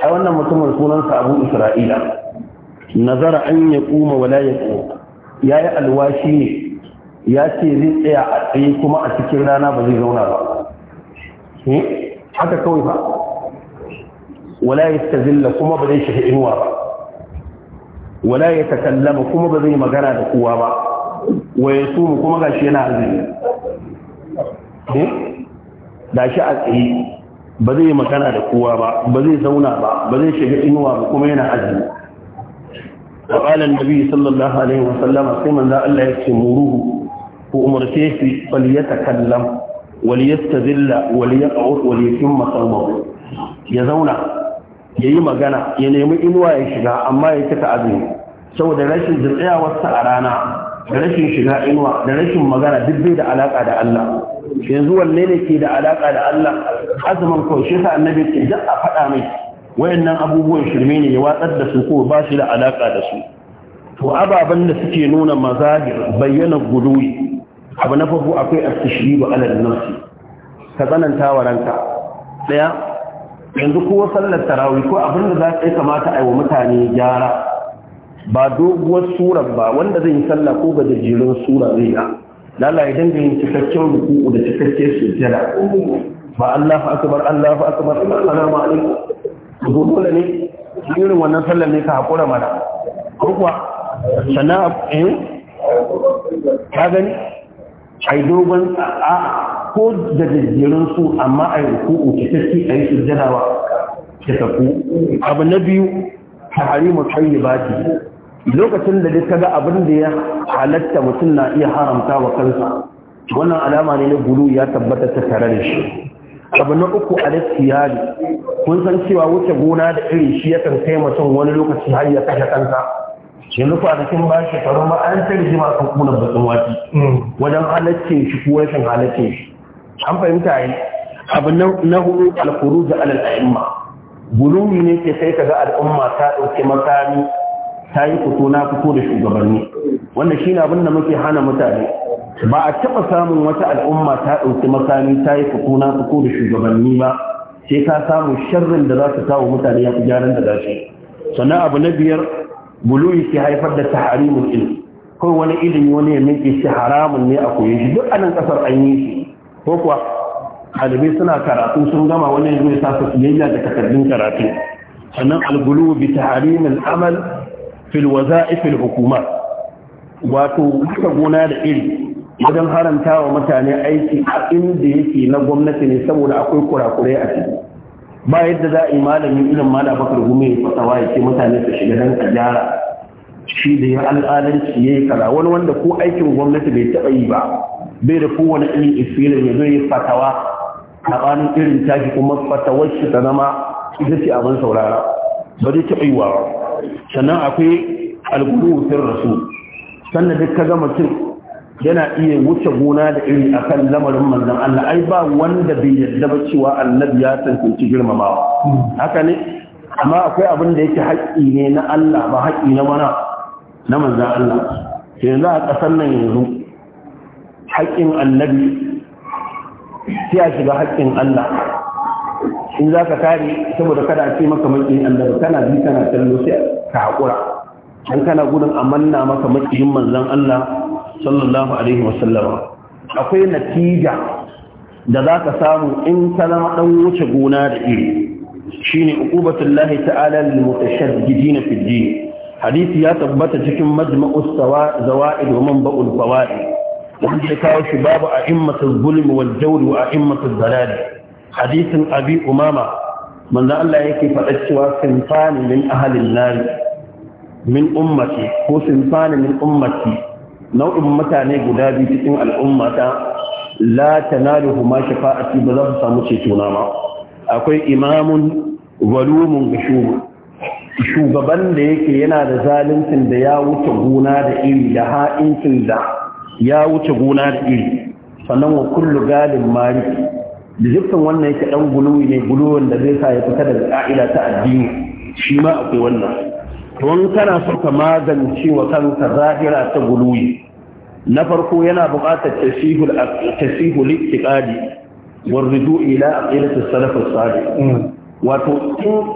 a wannan mutumin sunansa abu isra'ila nazara an ya kuma wala ya ya yi alwashi ne ya ce zai tsaya a tsaye kuma a cikin rana ba zai zauna ba hmm? haka kawai ba wala ya tazilla kuma ba zai shafi inuwa ba wala ya takallama kuma ba zai magana da kowa ba wa ya sumu kuma gashi yana azumi da hmm? shi a tsaye ba zai magana da kowa ba ba zai zauna ba ba zai shiga inuwa ba kuma yana azumi وقال النبي صلى الله عليه وسلم قيما ذا الله يكتموروه وأمرتيه في فليتكلم وليستذل وليقعد وليتم صومه يزونا yayi magana ya nemi inuwa ya shiga amma ya cika azumi saboda rashin tsayawar sa a rana da rashin shiga inuwa da rashin magana duk bai da alaka da Allah yanzu wanne ne ke da alaka da Allah azumin ko shi sa annabi ce da a faɗa mai wayannan abubuwan shirme ne ya watsar da su ko ba shi da alaka da su to ababan da suke nuna mazahir bayyana guduwi abu na farko akwai astishribu ala nafsi ka tsananta wa ranka daya yanzu ko sallar tarawi ko abin da za ka kamata a yi wa mutane gyara ba doguwar surar ba wanda zai yi sallah ko ga jajjerun sura zai ga lala idan yin cikakken ruku'u da cikakken sujjada ba Allahu akbar Allahu akbar Allahu alaikum dole ne irin wannan sallar ne ka haƙura mana ko kuwa a eh Ta gani ai dogon a ko da jajjerun su amma yi ruku'u ki tafi ai sujjadawa ki tafi abu na biyu tahrimu tayyibati lokacin da duk kaga abin da ya halatta mutum na iya haramta wa kansa wannan alama ne na gulu ya tabbata ta tare da shi abu na uku a lissiyari kun san cewa wuce gona da iri shi yakan kai mutum wani lokaci har ya kashe kansa yanzu kwanakin ba shi faru ma an ta rigima kan kunan batun wati mm. wajen halacce shi ko rashin halacce shi an fahimta yi abu na hudu alkuru da alal a'imma gulumi ne ke sai ga al'umma ta ɗauki makami ta yi fito na fito da shugabanni wannan shine abin da muke hana mutane ba a taɓa samun wata al'umma ta ɗauki makami ta yi fukuna fuku da shugabanni ba sai ka samu sharrin da za ta kawo mutane ya fi gyaran da dace sannan abu na biyar buluyi ke haifar da taharimun ilmi kawai wani ilimi wani ya miƙe shi haramun ne a koyi shi duk anan ƙasar an yi shi ko kuwa ɗalibai suna karatu sun gama wani yanzu ya sasa siyayya da takardun karatu sannan albulu bi taharimin amal fil waza'ifil hukuma wato duka gona da iri wajen haramta wa mutane aiki a inda yake na gwamnati ne saboda akwai kurakurai a ciki ba yadda za a yi malamin irin mala bakar gumi ya fasawa ya ce mutane su shiga dan ka gyara shi da ya al'adanci ya yi kara wani wanda ko aikin gwamnati bai taɓa yi ba bai da kowane irin isirin ya zo ya fatawa a ɓanin irin tashi kuma fatawar shi ta zama ita ce abin saurara ba zai taɓa yi wa sannan akwai alƙulu rasu sannan duk ka gama cin yana iya wuce gona da iri akan lamarin manzan Allah ai ba wanda bai yarda ba cewa annabi ya tantance girmamawa haka ne amma akwai abin da yake haƙƙi ne na Allah ba haƙƙi na mana na manzan Allah yanzu a ƙasar nan yanzu haƙƙin annabi sai a shiga haƙƙin Allah in za ka kare saboda kada a ce maka maƙiyin annabi kana bi kana kallo sai ka haƙura an kana gudun amanna maka maƙin manzan Allah sallallahu alaihi wasallam akwai natija da za ka samu in ka zama ɗan wuce gona da iri shi ne uƙubatun lahi ta'ala limutashar gidi na fiddi hadisi ya tabbata cikin majma'us zawa'i domin ba'ul fawa'i wanda ya kawo shi babu a immatul zulm wal jawr wa a immatul dalal hadisin abi umama manzo Allah yake faɗa cewa sinfani min ahalin nar min ummati ko sinfani min ummati nau'in mutane guda biyu cikin al'ummata la tanaluhu ma shafa'ati ba za su samu ceto na ma akwai imamun walumun shugaban da yake yana da zaluncin da ya wuce gona da iri da ha'incin da ya wuce gona da iri sannan wa kullu galin mari da dukkan wannan yake dan guluwi ne guluwan da zai sa ya fita daga ka'ida ta addini shi ma akwai wannan to tana kana so ka magance wa kanka zahira ta guluyi na farko yana buƙatar tasihul tasihul war ruju ila aqidati salaf salih hmm. wato in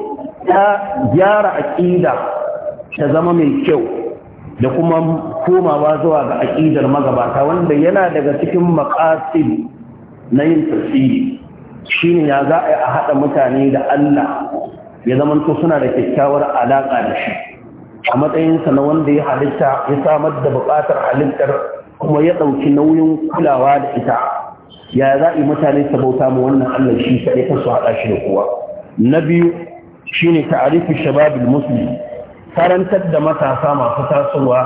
ta gyara aqida ta zama mai kyau da kuma komawa zuwa ga aqidar magabata wanda yana daga cikin maqasid na yin tasiri shine ya za a haɗa mutane da Allah ya zamanto suna da kyakkyawar alaƙa da shi a matsayinsa na wanda ya halitta ya samar da buƙatar halittar kuma ya ɗauki nauyin kulawa da ita ya za a yi mutane su bauta mu wannan Allah shi kaɗai kan su haɗa shi da kowa na biyu shine ta'arifi shababul musulmi. karantar da matasa masu tasowa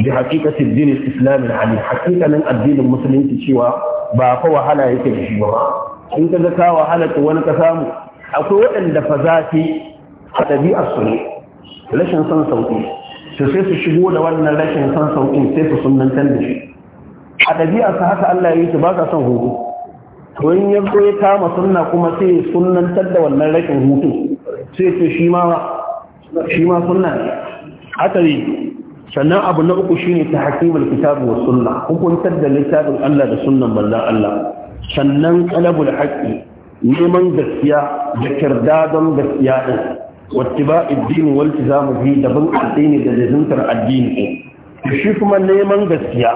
da haqiqatil din al-islam al addinin musulunci cewa ba fa wahala yake da shi ba in ka ga ka wahala wani ka samu akwai waɗanda fa zafi a ɗabi'ar ne rashin son sauƙi to sai su shigo da wannan rashin son sauƙin sai su sunantar da shi a ɗabi'arsa haka Allah ya yi su ba sa son hutu to in ya zo ya kama sunna kuma sai ya sunantar da wannan rashin hutu sai ce shi ma shi ma sunna ne asali sannan abu na uku shine ta hakimul kitabu was sunna hukuntar da littafin Allah da sunnan manzon Allah sannan qalabul haƙƙi, neman gaskiya da kirdadon gaskiya ɗin. wattiba addini wal tizamu bi da bin addini da lazimtar addini shi kuma neman gaskiya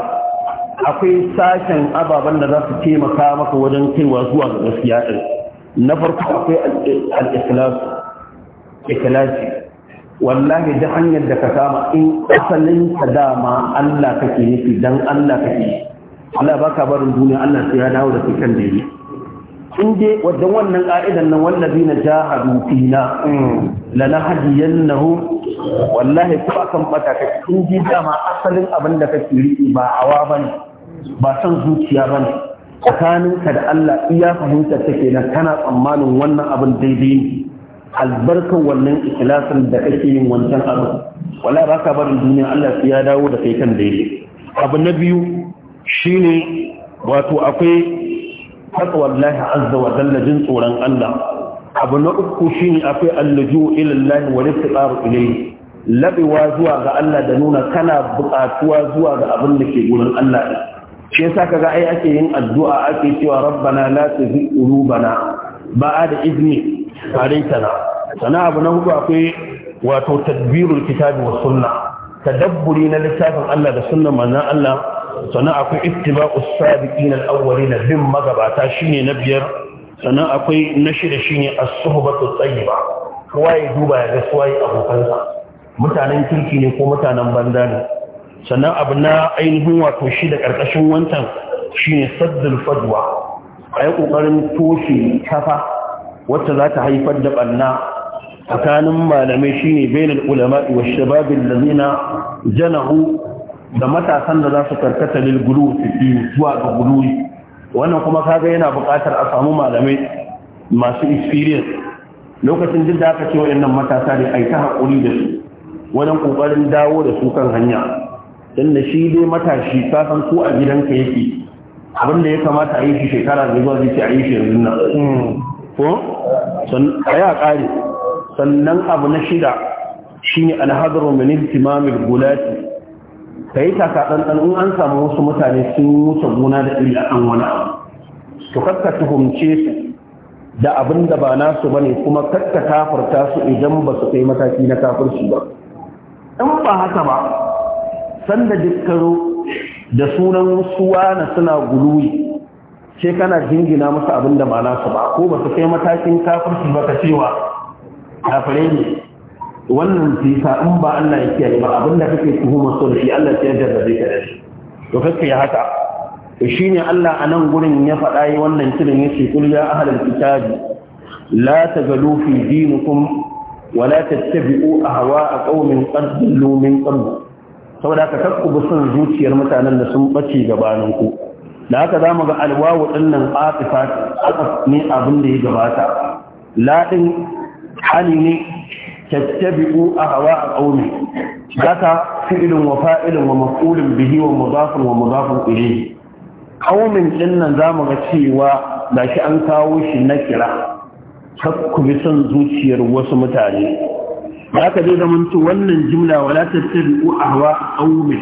akwai sashen ababen da za su taimaka maka wajen kaiwa zuwa ga gaskiya ɗin. na farko akwai al-ikhlas wallahi da hanyar da ka kama in asalin ka dama Allah kake nufi dan Allah kake Allah baka barin duniya Allah sai ya dawo da kai kan da in dai wajen wannan ka'idan nan wallazi na jahadu fina lanahdiyannahu wallahi ko akan bata ka in ji dama asalin abin da kake riƙe ba hawa bane ba san zuciya bane tsakaninka da Allah iya fahimta take nan kana tsammanin wannan abin daidai ne albarkan wannan ikilasin da kake yin wancan abin wallahi ba ka barin duniya Allah ya dawo da kai kan daidai abu na biyu shine wato akwai taqwallahi azza wa jalla jin tsoron Allah abu na uku shine akwai allaju ila wani wa istiqaru ilai. labewa zuwa ga Allah da nuna kana buƙatuwa zuwa ga abin da ke wurin Allah ne shi yasa kaga ai ake yin addu'a ake cewa rabbana la tuzigh qulubana ba'da idni hadaitana sana abu na hudu akwai wato tadbirul kitabi was sunna tadabburi na littafin Allah da sunnan manzon Allah sannan akwai ittiba'u sabiqin al-awwalin bin magabata shine na biyar sannan akwai na shida shine as-suhbatu tayyiba kowa ya duba ya ga suwaye abokansa mutanen kirki ne ko mutanen banza ne sannan abu na ainihin wato shi da karkashin wancan shine saddul fadwa a yi kokarin toshe kafa wacce za ta haifar da banna tsakanin malamai shine bainal ulama'i wa shababin lazina janahu da matasan da za su karkata lil gulu fi zuwa ga gulu wannan kuma kaga yana buƙatar a samu malamai masu experience lokacin duk da aka ce wayannan matasa ne ai ta hakuri da su wajen kokarin dawo da su kan hanya dan da shi dai matashi ka san ko a gidanka yake abin da ya kamata a yi shi shekara da zuwa zai ce a yi shi yanzu nan ko san aya kare sannan abu na shida shine alhadru min ihtimamil gulati ka yi taka ɗanɗan in an samu wasu mutane sun wuce gona da illa an wani abu to kakka tuhumce su da abin da ba nasu bane kuma kakka kafarta su idan ba su kai mataki na kafirci ba in ba haka ba sanda dikkaro da sunan suwana suna guluwi sai kana jingina musu abin da ba nasu ba ko ba su kai matakin kafirci ba ka cewa Kafare ne wannan fisa in ba Allah ya kiyaye ba abinda kake tuhuma so da shi Allah ya jarrabe ka da shi to kake ya haka to shine Allah a nan gurin ya faɗa yi wannan kirin yace kul ya ahlal kitabi la tagalu fi dinikum wa la tattabi'u ahwa'a qaumin qad dallu min qabl saboda ka kakku son zuciyar mutanen da sun bace gabanin ku da haka zamu ga alwawu dinnan qatifa ne abin da ya gabata la din hali ne tattabi'u ahwa qaumi zaka fi'lun wa fa'ilun wa maf'ulun bihi wa mudafun wa mudafun ilayhi qaumin din nan zamu ga cewa shi an kawo shi na kira ku bi son zuciyar wasu mutane zaka dai zaman to wannan jimla wala tattabi'u ahwa qaumi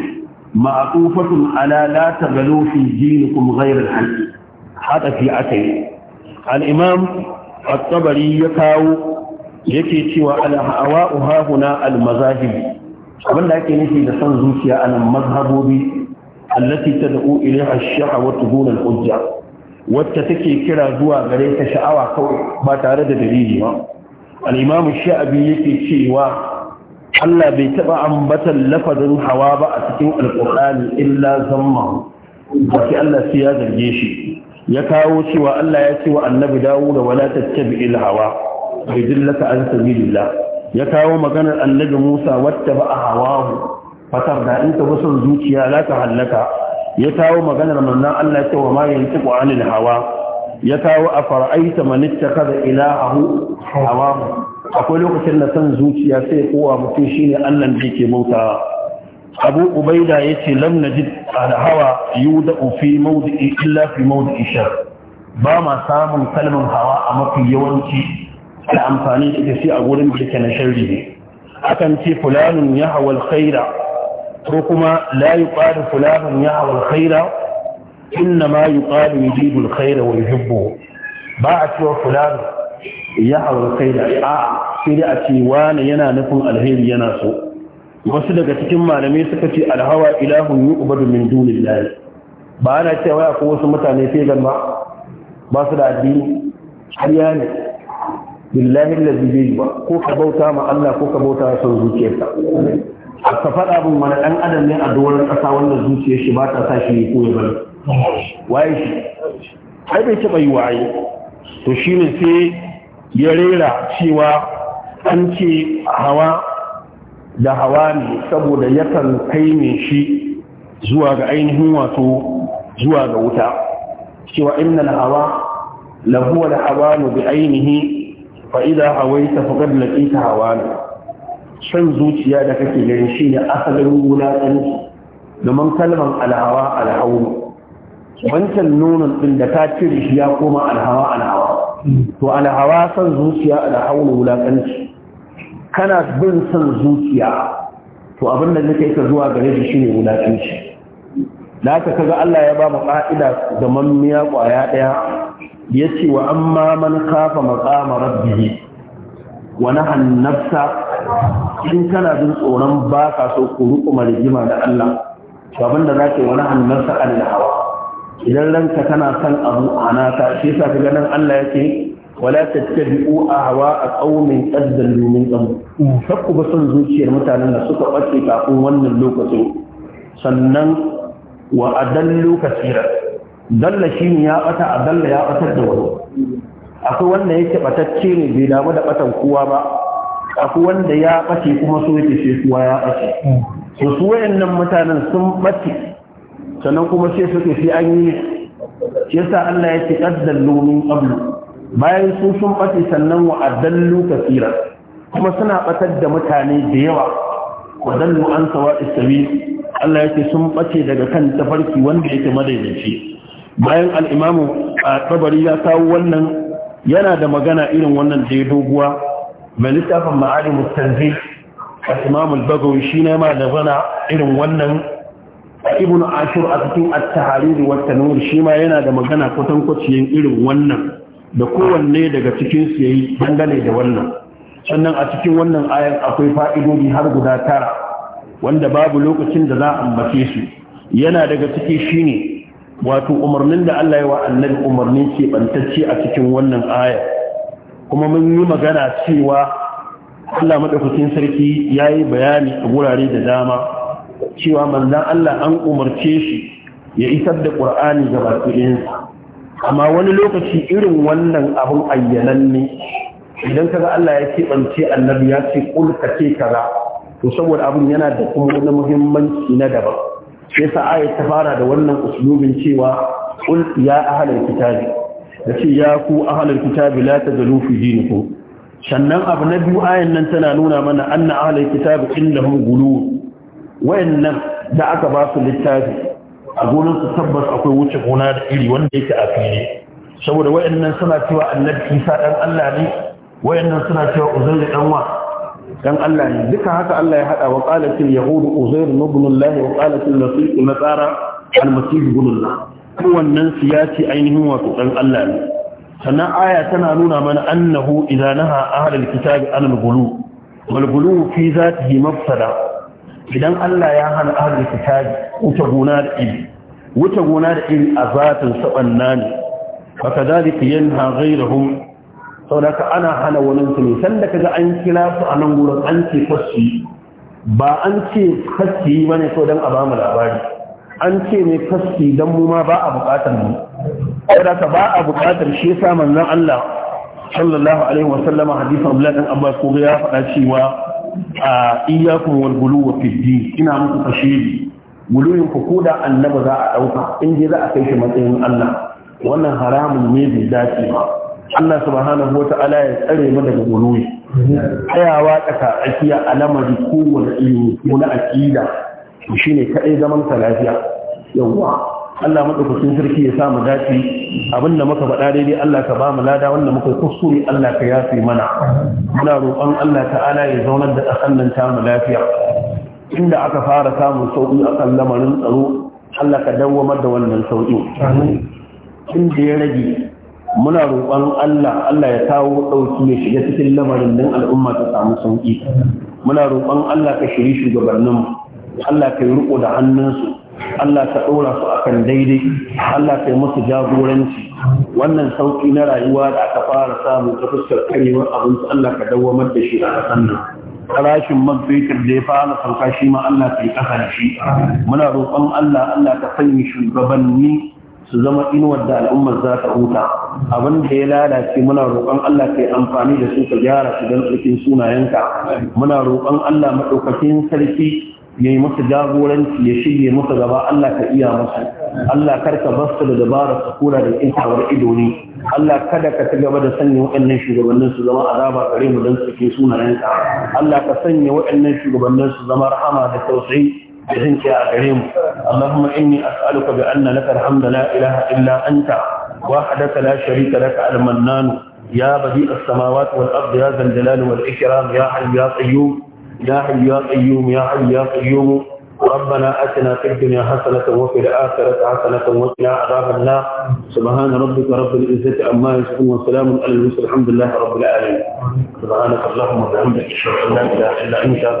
ma'tufatun ala la tagalu fi dinikum ghayra al-haqq hada fi akai al-imam at-tabari ya kawo yake cewa al-hawa'u hahuna al-mazahib Wanda ake nufi da son zuciya a nan mazhabobi allati tad'u ilayha a sha'a dun al-hujja wacce take kira zuwa gare ta sha'awa kawai ba tare da dalili ba Alimamin sha'abi yake cewa Allah bai taɓa ambatan lafazin hawa ba a cikin alqur'ani illa zamma wace Allah sai ya zarge shi ya kawo cewa Allah ya ce wa annabi dawo da wala tattabi'il hawa bai dillaka an sabilillah ya kawo maganar annabi Musa wacce ba a hawahu fatar da inta ka zuciya la ta hallaka ya kawo maganar manzon Allah ya ce wa ma yantiqu anil hawa ya kawo a fara'aita manitta kada ila'ahu hawamu akwai lokacin da san zuciya sai kowa mutum shine allah da yake bauta abu ubaida ya ce lam najid alhawa yuda fi mawdi'i illa fi mawdi'i shar ba ma samun kalmar hawa a mafi yawanci da amfani da ita sai a gurin da yake na sharri ne akan ce fulanun ya hawal khaira ko kuma la ƙwari fulanun ya hawal khaira inna ma ƙwari yujidu al khaira wa yuhibbu ba a cewa fulanun ya hawal khaira a sai dai a ce wani yana nufin alheri yana so wasu daga cikin malamai suka ce alhawa ilahun yuqbadu min dunillahi ba ana cewa ko wasu mutane sai ba ba su da addini har ya ne billahi allazi bai ba ko ka bauta ma Allah ko ka bauta son zuciyarka a ka faɗa bin mana ɗan adam ne a doron ƙasa wanda zuciyar shi ba ta sa shi ko ya bari waye shi ai bai taɓa yi waye to shine sai ya rera cewa an ce hawa da hawa ne saboda yakan kai ne shi zuwa ga ainihin wato zuwa ga wuta cewa innal hawa lahu hawa hawanu bi ainihi fa'ida hawaita faqad laqita hawana shan zuciya da kake gani ne asalin wulaƙanci domin kalmar alhawa alhawu wancan nonon ɗin da ta cire shi ya koma alhawa alhawa to alhawa san zuciya alhawu wulaƙanci kana bin san zuciya to abin da zai kai ka zuwa gare shi shi shine wulaƙanci da haka kaga Allah ya ba mu ƙa'ida da mammiya ƙwaya ɗaya ya ce wa amma man kafa maƙama rabbihi wa Wani nafsa in kana jin tsoron ba ka so ku rukuma rigima da Allah Babanda abin da zaka wani hannarsa Allah hawa idan ranka kana son abu anata shi yasa kaga ganin Allah yake wala tattabi'u ahwa a a qad dallu domin tsamu. fakku ba son zuciyar mutanen da suka bace kafin wannan lokacin sannan wa adallu kasira dalla shi ne ya bata a dalla ya batar da wani akwai wanda yake batacce ne bai damu da batan kowa ba akwai wanda ya bace kuma so yake sai kowa ya bace So su wayannan mutanen sun bace sannan kuma sai suke sai an yi shi yasa Allah ya ce qaddallu min qablu bayan su sun bace sannan wa adallu kaseeran kuma suna batar da mutane da yawa wa dallu an sawa'is sabil Allah ya ce sun bace daga kan tafarki wanda yake madaidaici bayan al'imamu a tabari ya kawo wannan yana da magana irin wannan da ya doguwa mai littafin ma’adi mustanzi a al-bagawi shi ne ma da zana irin wannan a ibn ashur a cikin attahari da wa shi ma yana da magana kusan irin wannan da kowanne daga cikinsu ya yi dangane da wannan sannan a cikin wannan ayan akwai fa'idodi har guda tara wanda babu lokacin da za a ambace su yana daga ciki shine wato umarnin da Allah ya wa annabi umarnin bantacce a cikin wannan aya kuma mun yi magana cewa Allah madaukakin sarki ya yi bayani a gurare da dama cewa manzon Allah an umarce shi ya isar da ƙur'ani ga sa amma wani lokaci irin wannan abun ne. idan kaga Allah ya keɓance annabi ya ce kul ka kaza to saboda abin yana da kuma wani muhimmanci na daban sai ayat ta fara da wannan uslubin cewa qul ya ahlal kitabi da ce ya ku ahlal kitabi la tajalu fi dinikum sannan abu na biyu ayan nan tana nuna mana anna ahlal kitabi indahum gulu wayannan da aka ba su littafi a gurin su tabbas akwai wuce gona da iri wanda yake a fili saboda wayannan suna cewa annabi Isa dan Allah ne wayannan suna cewa Uzairu dan wa dan Allah ne duka haka Allah ya hada wa qalat al yahud uzair ibn Allah wa qalat al nasir nasara al masih ibn Allah wannan siyasi ainihin wato dan Allah ne sannan aya tana nuna mana annahu idza naha ahlul kitab an al ghulu wal ghulu fi zatihi mafsada idan Allah ya hana ahlul kitab wuce gona da iri wuce gona da iri a zatin sabanna ne fakadhalika yanha ghayrahum saboda ka ana hana wani su ne san da kaga an kira su a nan gurin an ce kwashi ba an ce kwashi ba ne so don a bamu labari an ce ne kwashi don mu ma ba a buƙatar mu saboda ka ba a buƙatar shi yasa manzon Allah sallallahu alaihi wa sallama Abdullah dan Abbas ko ya faɗa cewa a iyyakum wal wa fiddi ina muku kashiri guluyin ku koda annaba za a ɗauka in je za a kai shi matsayin Allah wannan haramun ne bai dace ba Allah subhanahu wa ta'ala ya tsare mu daga guluwi tsayawa tsaka tsakiya alamari kowane ilimi ko na aqida shine kaɗai zaman ta lafiya Yawwa. Allah madaukakin sarki ya sa mu dace abinda muka faɗa daidai Allah ka ba mu lada wanda muka kuskure Allah ka yafe mana muna roƙon Allah ta'ala ya zaunar da ƙasar nan ta mu lafiya inda aka fara samun sauƙi a kan lamarin tsaro Allah ka dawwamar da wannan sauƙi inda ya rage muna roƙon Allah Allah ya kawo ɗauki mai shiga cikin lamarin don al'umma ta samu sauƙi muna roƙon Allah ka shiri shugabanninmu Allah ka yi riƙo da hannunsu Allah ka ɗora su akan daidai Allah ka yi musu jagoranci wannan sauƙi na rayuwa da aka fara samu ta fuskar karewar abinci Allah ka dawwamar da shi a ƙasar nan farashin man fetur da ya fara sauka shi ma Allah ta yi ƙasa da shi muna roƙon Allah Allah ka sanya shugabanni su zama inuwar da al'ummar za ta huta abin da ya lalace muna roƙon Allah yi amfani da su ka gyara su don tsarkin sunayenka muna roƙon Allah maɗaukakin sarki ya yi masa jagoranci ya shirye masa gaba Allah ka iya masa Allah karka basu da dabarar su kula da kintawar ido ne Allah kada ka ci gaba da sanya waɗannan shugabannin su zama azaba gare mu don suke sunayenka Allah ka sanya waɗannan shugabannin su zama rahama da tausayi بذنك يا كريم اللهم إني أسألك بأن لك الحمد لا إله إلا أنت وحدك لا شريك لك المنان يا بديء السماوات والأرض يا ذا الجلال والإكرام يا حي يا قيوم يا حي يا قيوم يا حي يا قيوم ربنا أتنا في الدنيا حسنة وفي الآخرة حسنة وقنا عذاب النار سبحان ربك رب العزة عما يصفون وسلام على المرسلين الحمد لله رب العالمين سبحانك اللهم وبحمدك أشهد أن لا إله إلا أنت